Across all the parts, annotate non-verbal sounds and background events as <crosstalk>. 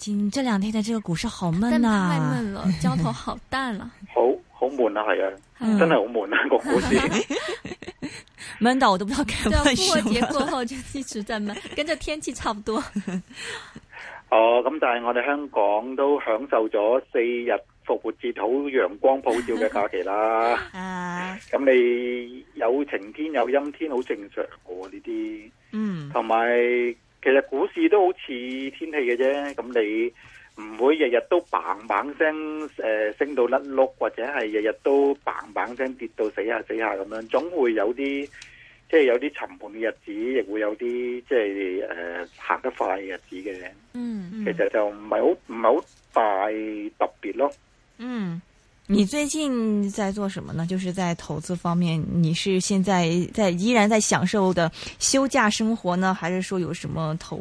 近這兩天的這個股市好悶啊，太悶了， <laughs> 焦頭好淡了，啊，好好悶啊，係啊， <laughs> 真係好悶啊，個股市，悶 <laughs> <laughs> 到我都不知道該。復活節過後就一直在悶， <laughs> 跟着天氣差不多 <laughs> 。哦，咁但係我哋香港都享受咗四日復活節好陽光普照嘅假期啦。啊，咁你有晴天有陰天好正常嘅呢啲， <laughs> 嗯，同埋。其實股市都好似天氣嘅啫，咁你唔會日日都嘭嘭聲誒升到甩碌，或者係日日都嘭嘭聲跌到死下死下咁樣，總會有啲即係有啲沉悶嘅日子，亦會有啲即係誒行得快嘅日子嘅。嗯。嗯，其實就唔係好唔係好大特別咯。嗯。你最近在做什麼呢？就是在投資方面，你是現在在依然在享受的休假生活呢，還是說有什麼投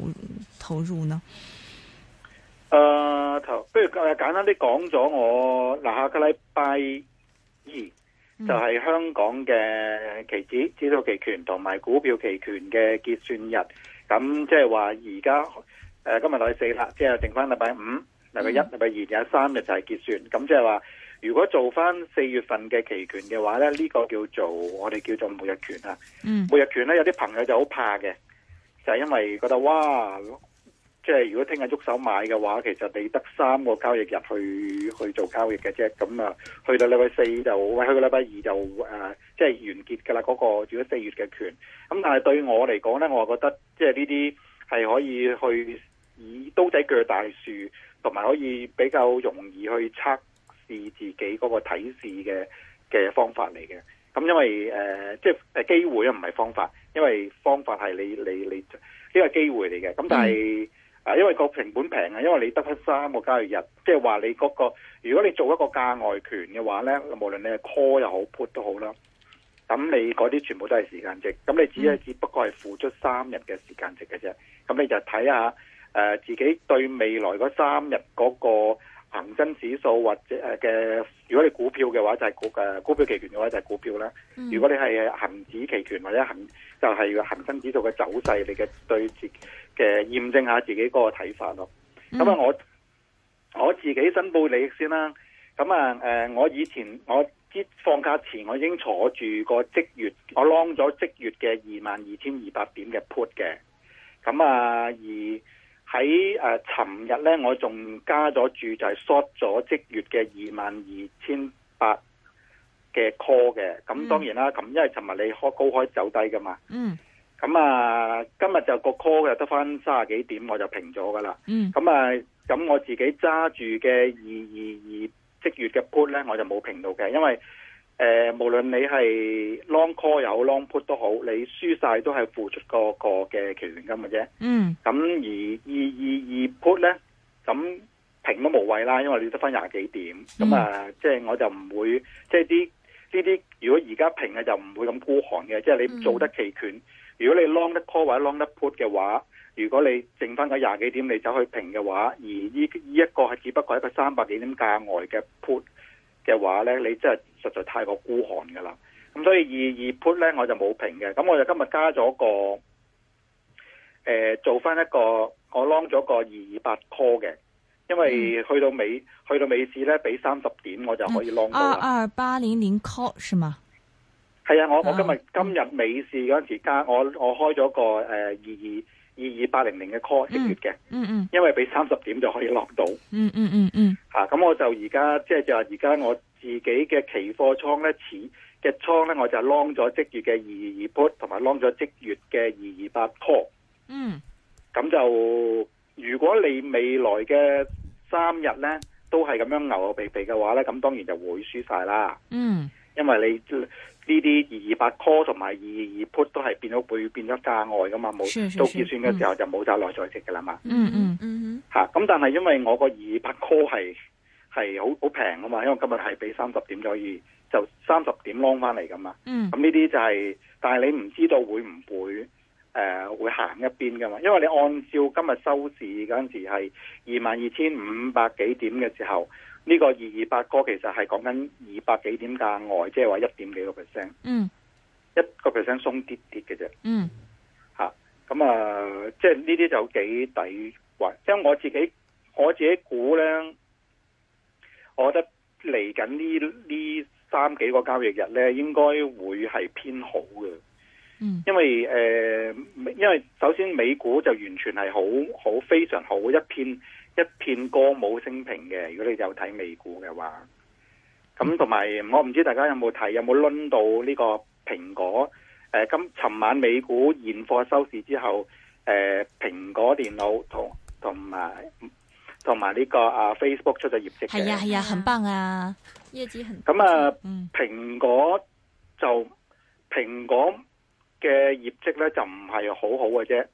投入呢？誒、呃，頭不如、呃、簡單啲講咗，我嗱下個禮拜二、嗯、就係、是、香港嘅期指指數期權同埋股票期權嘅結算日，咁即係話而家誒今日落去四啦，即、就、係、是、剩翻禮拜五。禮拜一禮拜二有三日就係結算，咁即係話如果做翻四月份嘅期權嘅話咧，呢個叫做我哋叫做每日權啊。每日權咧，有啲朋友就好怕嘅，就係因為覺得哇，即係如果聽日喐手買嘅話，其實你得三個交易日去去做交易嘅啫。咁啊，去到禮拜四就，或者去到禮拜二就誒，即係完結噶啦。嗰個如果四月嘅權，咁但係對我嚟講咧，我係覺得即係呢啲係可以去以刀仔鋸大樹。同埋可以比較容易去測試自己嗰個體試嘅嘅方法嚟嘅。咁因為、呃、即係機會啊，唔係方法。因為方法係你你你，呢個機會嚟嘅。咁但係啊、嗯，因為個成本平啊，因為你得翻三個交易日，即係話你嗰個，如果你做一個價外權嘅話咧，無論你係 call 又好 put 都好啦。咁你嗰啲全部都係時間值，咁你只係只不過係付出三日嘅時間值嘅啫。咁你就睇下。誒、呃，自己對未來嗰三日嗰個恒生指數或者誒嘅、呃，如果你股票嘅話就係股誒股票期權嘅話就係股票啦、嗯。如果你係恒指期權或者恒就係、是、恒生指數嘅走勢，你嘅對自己嘅驗證下自己嗰個睇法咯。咁、嗯、啊，我我自己申報利益先啦。咁啊，誒、呃，我以前我之放假前我已經坐住個即月，我 long 咗即月嘅二萬二千二百點嘅 put 嘅。咁啊，而。喺誒，尋日咧，我仲加咗注就係、是、short 咗即月嘅二萬二千八嘅 call 嘅，咁當然啦，咁、嗯、因為尋日你開高開走低噶嘛，嗯，咁啊，今日就個 call 又得返三十幾點，我就平咗噶啦，嗯，咁啊，咁我自己揸住嘅二二二即月嘅 put 咧，我就冇平到嘅，因為。誒、呃，無論你係 long call 又好 long put 都好，你輸晒都係付出、那個、那個嘅期權金嘅啫。嗯。咁而二二二 put 咧，咁平都無謂啦，因為你得翻廿幾點。咁、嗯、啊，即係、呃就是、我就唔會即係啲呢啲。就是、如果而家平嘅就唔會咁孤寒嘅，即、就、係、是、你做得期權、嗯。如果你 long 得 call 或者 long 得 put 嘅話，如果你剩翻嗰廿幾點你走去平嘅話，而呢呢一個係只不過一個三百幾點價外嘅 put 嘅話咧，你即係。實在太過孤寒噶啦，咁所以二二 put 咧我就冇評嘅。咁我就今日加咗個誒做翻一個、呃、做一個我 long 咗個二二八 call 嘅，因為去到尾，去到尾市咧俾三十點我就可以 long 到二二八零零 call 係嘛？係啊，我我今日、啊、今日美市嗰陣時加我我開咗個誒二二二二八零零嘅 call 一月嘅，嗯嗯，因為俾三十點就可以落到，嗯嗯嗯嗯，吓、嗯、咁、嗯啊、我就而家即係就話而家我。自己嘅期貨倉咧，似嘅倉咧，我就係 long 咗即月嘅二二二 put，同埋 long 咗即月嘅二二八 call。嗯，咁就如果你未來嘅三日咧，都係咁樣牛牛鼻鼻嘅話咧，咁當然就會輸晒啦。嗯，因為你呢啲二二八 call 同埋二二二 put 都係變咗會變咗價外噶嘛，冇到結算嘅時候就冇曬內在值噶啦嘛。嗯嗯嗯，嗯，嗯，嚇、啊！咁但係因為我個二二八 call 係。係好好平噶嘛，因為今日係畀三十點咗，二就三十點窿翻嚟噶嘛。咁呢啲就係、是，但係你唔知道會唔會誒、呃、會行一邊噶嘛？因為你按照今日收市嗰陣時係二萬二千五百幾點嘅時候，呢、這個二二百個其實係講緊二百幾點價外，即係話一點幾個 percent。嗯，一個 percent 鬆啲啲嘅啫。嗯，嚇咁啊，即係呢啲就幾抵患，因為我自己我自己估咧。我覺得嚟緊呢呢三幾個交易日呢，應該會係偏好嘅。嗯，因為誒、呃，因為首先美股就完全係好好非常好，一片一片歌舞升平嘅。如果你有睇美股嘅話，咁同埋我唔知大家有冇睇，有冇輪到呢個蘋果？誒、呃，今尋晚美股現貨收市之後，誒、呃，蘋果電腦同同埋。同埋呢個啊 Facebook 出咗業績，係、哎、呀係、哎、呀，很棒啊，業績很。咁、嗯、啊，蘋果就蘋果嘅業績咧就唔係好好嘅啫，只、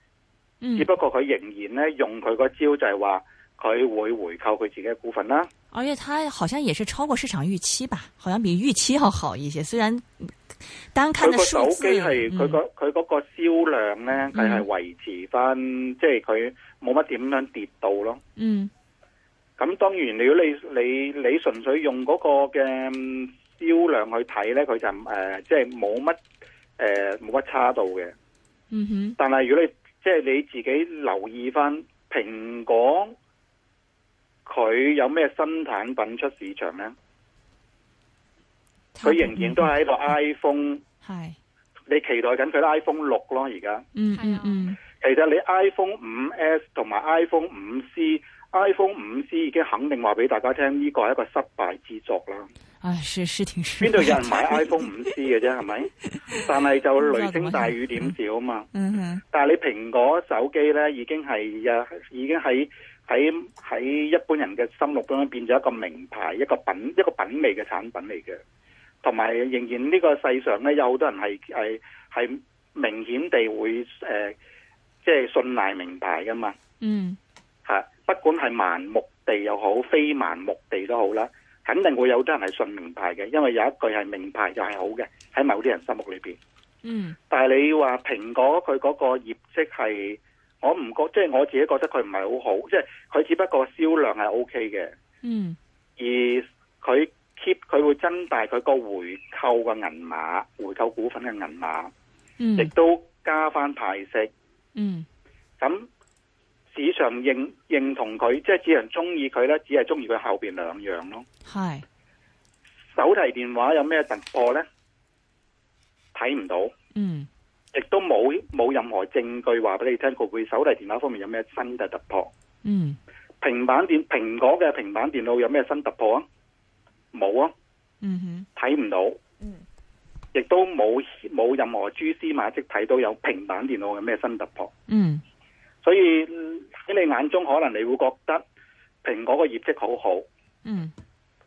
嗯、不過佢仍然咧用佢個招就係話佢會回購佢自己嘅股份啦。而且佢好像也是超過市場預期吧，好像比預期要好一些。雖然單看嘅手機，係、嗯、佢個佢嗰個銷量咧，佢係維持翻、嗯，即係佢。冇乜點樣跌到咯，嗯，咁當然，如果你你你純粹用嗰個嘅銷量去睇咧，佢就誒，即係冇乜誒，冇乜差度嘅，嗯哼。但係如果你即係你自己留意翻蘋果，佢有咩新產品出市場咧？佢仍然都係一個 iPhone，係、嗯、你期待緊佢 iPhone 六咯，而家，嗯、啊、嗯。其實你 iPhone 五 S 同埋 iPhone 五 C，iPhone 五 C 已經肯定話俾大家聽，呢個係一個失敗之作啦。唉、啊，是邊度有人買 iPhone 五 C 嘅啫，係 <laughs> 咪？但係就雷聲大雨點少啊嘛，嗯。嗯哼。但係你蘋果手機咧，已經係呀，已經喺喺喺一般人嘅心目中變咗一個名牌，一個品一個品味嘅產品嚟嘅。同埋仍然呢個世上咧，有好多人係係係明顯地會誒。呃即、就、係、是、信名牌噶嘛，嗯，吓，不管係盲目地又好，非盲目地都好啦，肯定會有啲人係信名牌嘅，因為有一句係名牌就係好嘅，喺某啲人心目裏邊，嗯。但係你話蘋果佢嗰個業績係，我唔覺，即係我自己覺得佢唔係好好，即係佢只不過銷量係 O K 嘅，嗯。而佢 keep 佢會增大佢個回購嘅銀碼，回購股份嘅銀碼，亦都加翻派息。嗯，咁市場認認同佢，即係只能中意佢咧，只係中意佢後邊兩樣咯。係，手提電話有咩突破呢？睇唔到。嗯，亦都冇冇任何證據話俾你聽，佢會手提電話方面有咩新嘅突破。嗯，平板電，蘋果嘅平板電腦有咩新突破啊？冇啊。嗯哼，睇唔到。亦都冇冇任何蛛絲馬跡睇到有平板電腦嘅咩新突破。嗯，所以喺你眼中可能你會覺得蘋果個業績好好。嗯，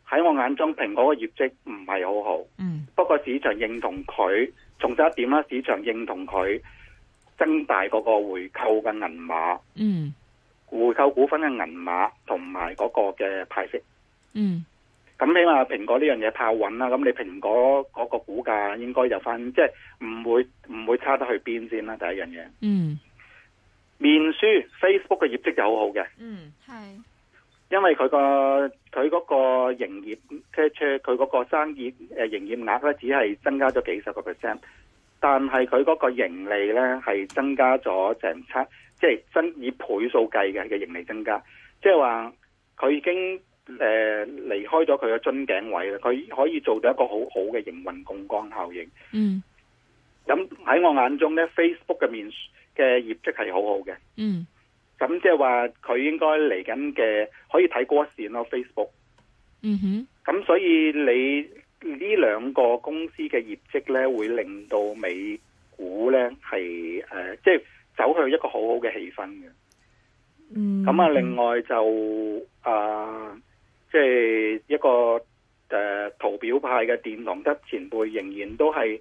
喺我眼中蘋果個業績唔係好好。嗯，不過市場認同佢，仲有一點啦，市場認同佢增大嗰個回購嘅銀碼。嗯，回購股份嘅銀碼同埋嗰個嘅派息。嗯。咁起碼蘋果呢樣嘢炮穩啦，咁你蘋果嗰個股價應該就翻，即係唔會唔會差得去邊先啦？第一樣嘢。嗯。面書、Facebook 嘅業績就好好嘅。嗯，係。因為佢個佢嗰個營業，佢佢佢嗰個生意誒營業額咧，只係增加咗幾十個 percent，但係佢嗰個盈利咧係增加咗成七，即係增以倍數計嘅嘅盈利增加，即係話佢已經。誒，離開咗佢嘅樽頸位啦，佢可以做到一個好好嘅營運槓桿效應。嗯，咁喺我眼中咧，Facebook 嘅面嘅業績係好好嘅。嗯、mm.，咁即係話佢應該嚟緊嘅可以睇過線咯，Facebook。嗯哼，咁所以你呢兩個公司嘅業績咧，會令到美股咧係誒，即係、呃就是、走向一個好好嘅氣氛嘅。嗯，咁啊，另外就啊。呃即、就、係、是、一個誒、uh, 圖表派嘅殿堂級前輩，仍然都係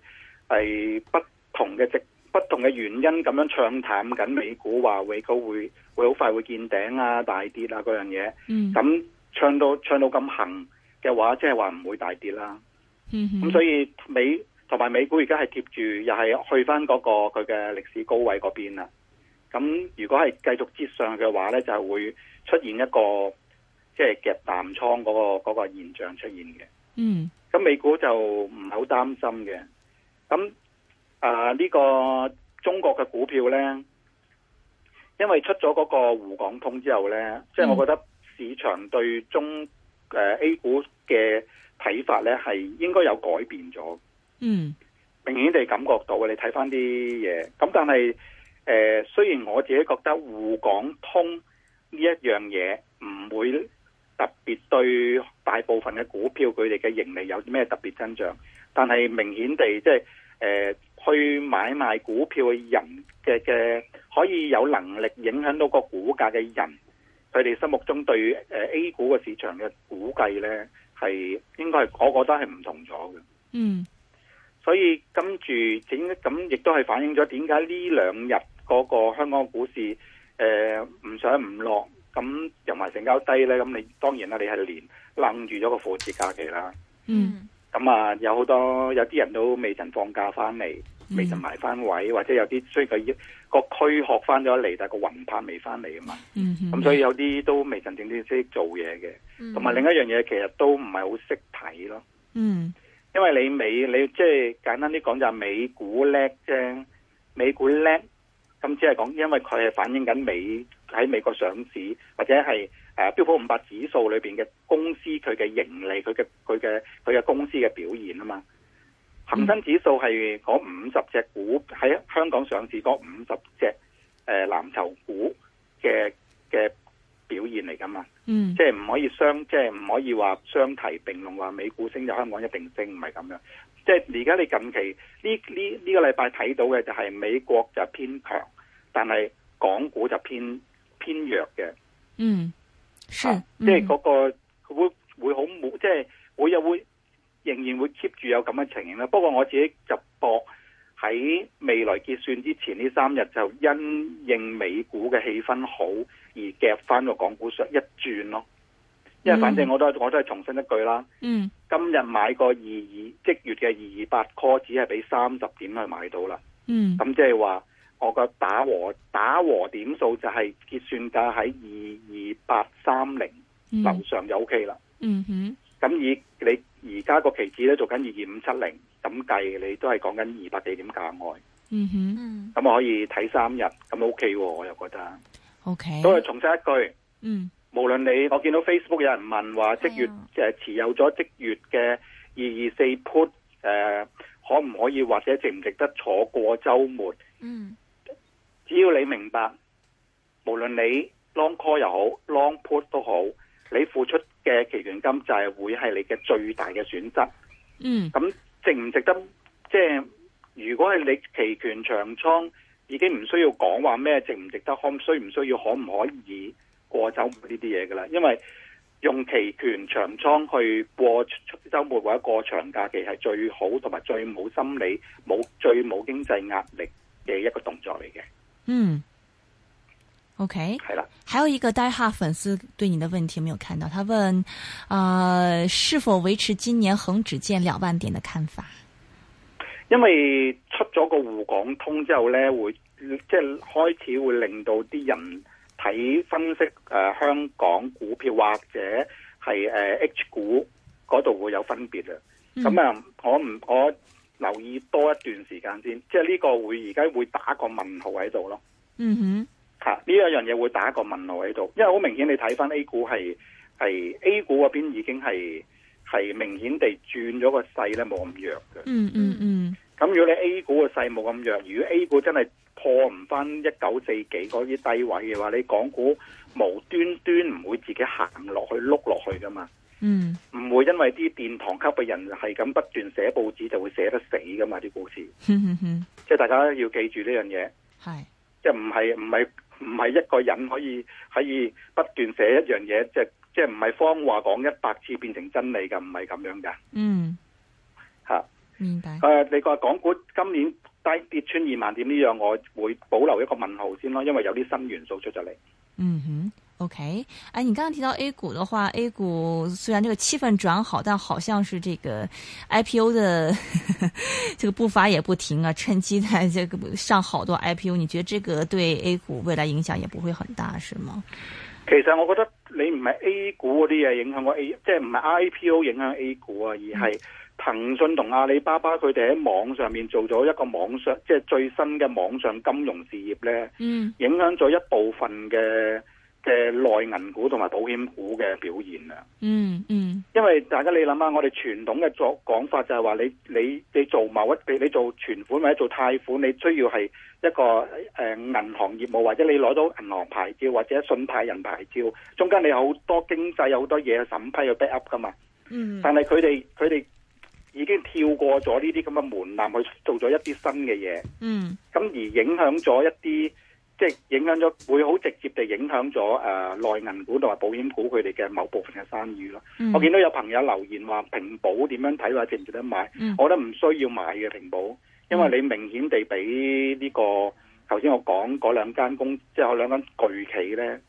係不同嘅值、不同嘅原因咁樣唱淡緊美股說，話美股會會好快會見頂啊、大跌啊嗰樣嘢。嗯，咁唱到唱到咁行嘅話，即係話唔會大跌啦。咁、嗯、所以美同埋美股而家係貼住，又係去翻嗰、那個佢嘅歷史高位嗰邊啦。咁如果係繼續接上嘅話咧，就係會出現一個。即係夾淡倉嗰個嗰、嗰個現象出現嘅，嗯，咁美股就唔係好擔心嘅，咁啊呢、呢個中國嘅股票呢，因為出咗嗰個滬港通之後呢，即、嗯、係我覺得市場對中誒、呃、A 股嘅睇法呢，係應該有改變咗，嗯，明顯地感覺到，你睇翻啲嘢，咁但係誒、呃、雖然我自己覺得滬港通呢一樣嘢唔會。特別對大部分嘅股票，佢哋嘅盈利有啲咩特別增長？但係明顯地，即係誒去買賣股票嘅人嘅嘅，可以有能力影響到個股價嘅人，佢哋心目中對誒 A 股個市場嘅估計呢，係應該係個個都係唔同咗嘅。嗯，所以跟住整咁，亦都係反映咗點解呢兩日嗰個香港股市誒唔上唔落。呃不咁又埋成交低咧，咁你當然啦，你係連愣住咗個放節假期啦。嗯，咁啊，有好多有啲人都未曾放假翻嚟，嗯，未曾埋翻位，或者有啲雖然佢個軀殼翻咗嚟，但個魂魄未翻嚟啊嘛。嗯，咁、嗯、所以有啲都未曾正式識做嘢嘅，同、嗯、埋另一樣嘢其實都唔係好識睇咯。嗯，因為你美你即係簡單啲講就係美股叻正，美股叻。咁只係講，因為佢係反映緊美喺美國上市或者係誒標普五百指數裏邊嘅公司佢嘅盈利佢嘅佢嘅佢嘅公司嘅表現啊嘛，恒生指數係嗰五十隻股喺香港上市嗰五十隻誒藍籌股嘅嘅的表現嚟噶嘛，即係唔可以相，即係唔可以話相提並論。話美股升就香港一定升，唔係咁樣。即係而家你近期呢呢呢個禮拜睇到嘅就係美國就偏強，但係港股就偏偏弱嘅。嗯，係即係嗰個會會好冇，即係會有會仍然會 keep 住有咁嘅情形啦。不過我自己就博。喺未來結算之前呢三日就因應美股嘅氣氛好而夾翻個港股上一轉咯，因為反正我都我都係重申一句啦，嗯，今日買個二二即月嘅二二八 call 只係俾三十點去買到啦，嗯，咁即係話我個打和打和點數就係結算價喺二二八三零樓上就 OK 啦，嗯哼。咁以你而家個期指咧做緊二二五七零，咁計你都係講緊二百幾點價外。嗯哼，咁我可以睇三日，咁 OK，、哦、我又覺得 OK。都係重申一句，嗯、mm -hmm.，無論你我見到 Facebook 有人問話，即月誒持有咗即月嘅二二四 put 誒、呃，可唔可以或者值唔值得坐過周末？嗯、mm -hmm.，只要你明白，無論你 long call 又好 long put 都好，你付出。嘅期權金就係會係你嘅最大嘅選擇，嗯，咁值唔值得？即係如果係你期權長倉，已經唔需要講話咩值唔值得，可需唔需要可唔可以過周末呢啲嘢噶啦？因為用期權長倉去過周末或者過長假期係最好，同埋最冇心理、冇最冇經濟壓力嘅一個動作嚟嘅。嗯。OK，係啦。還有一個 Die 哈粉絲對你的問題沒有看到，他問：啊、呃，是否維持今年恒指見兩萬點的看法？因為出咗個滬港通之後呢，會即係開始會令到啲人睇分析誒、呃、香港股票或者係誒、呃、H 股嗰度會有分別啊。咁、嗯、啊，我唔我留意多一段時間先，即係呢個會而家會打個問號喺度咯。嗯哼。呢、啊、一樣嘢會打一個問號喺度，因為好明顯你睇翻 A 股係係 A 股嗰邊已經係係明顯地轉咗個勢咧，冇咁弱嘅。嗯嗯嗯。咁、嗯、如果你 A 股嘅勢冇咁弱，如果 A 股真係破唔翻一九四幾嗰啲低位嘅話，你港股無端端唔會自己行落去碌落去噶嘛？嗯，唔會因為啲殿堂級嘅人係咁不斷寫報紙就會寫得死噶嘛啲股市。即係大家要記住呢樣嘢。係，即係唔係唔係。唔係一個人可以可以不斷寫一樣嘢，即係即係唔係方話講一百次變成真理噶，唔係咁樣噶。嗯，吓、啊，明白。誒、啊，你話港股今年低跌穿二萬點呢樣，我會保留一個問號先咯，因為有啲新元素出咗嚟。嗯哼。OK，誒、啊，你剛剛提到 A 股的話，A 股雖然這個氣氛轉好，但好像是這個 IPO 的呵呵這個步伐也不停啊，趁機在這個上好多 IPO，你覺得這個對 A 股未來影響也不會很大，是嗎？其實我覺得你唔係 A 股嗰啲嘢影響我 A，即係唔係 IPO 影響 A 股啊，而係騰訊同阿里巴巴佢哋喺網上面做咗一個網上即係、就是、最新嘅網上金融事業咧，嗯，影響咗一部分嘅嘅內銀股同埋保險股嘅表現啊，嗯嗯，因為大家你諗下，我哋傳統嘅作講法就係話你你你做某一你你做存款或者做貸款，你需要係一個誒、呃、銀行業務或者你攞到銀行牌照或者信貸人牌照，中間你有好多經濟有好多嘢審批去 backup 噶嘛，嗯、mm -hmm.，但係佢哋佢哋已經跳過咗呢啲咁嘅門檻去做咗一啲新嘅嘢，嗯，咁而影響咗一啲。即係影響咗，會好直接地影響咗誒內銀股同埋保險股佢哋嘅某部分嘅生意咯。我見到有朋友留言話平保點樣睇，話值唔值得買？我覺得唔需要買嘅平保，因為你明顯地俾呢個頭先我講嗰兩間公，即係我兩間巨企咧，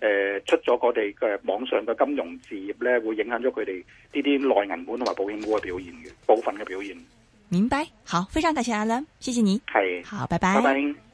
誒出咗我哋嘅網上嘅金融置業咧，會影響咗佢哋呢啲內銀股同埋保險股嘅表現嘅部分嘅表現。明白，好，非常感謝阿 Len，謝謝你。係，好，拜拜。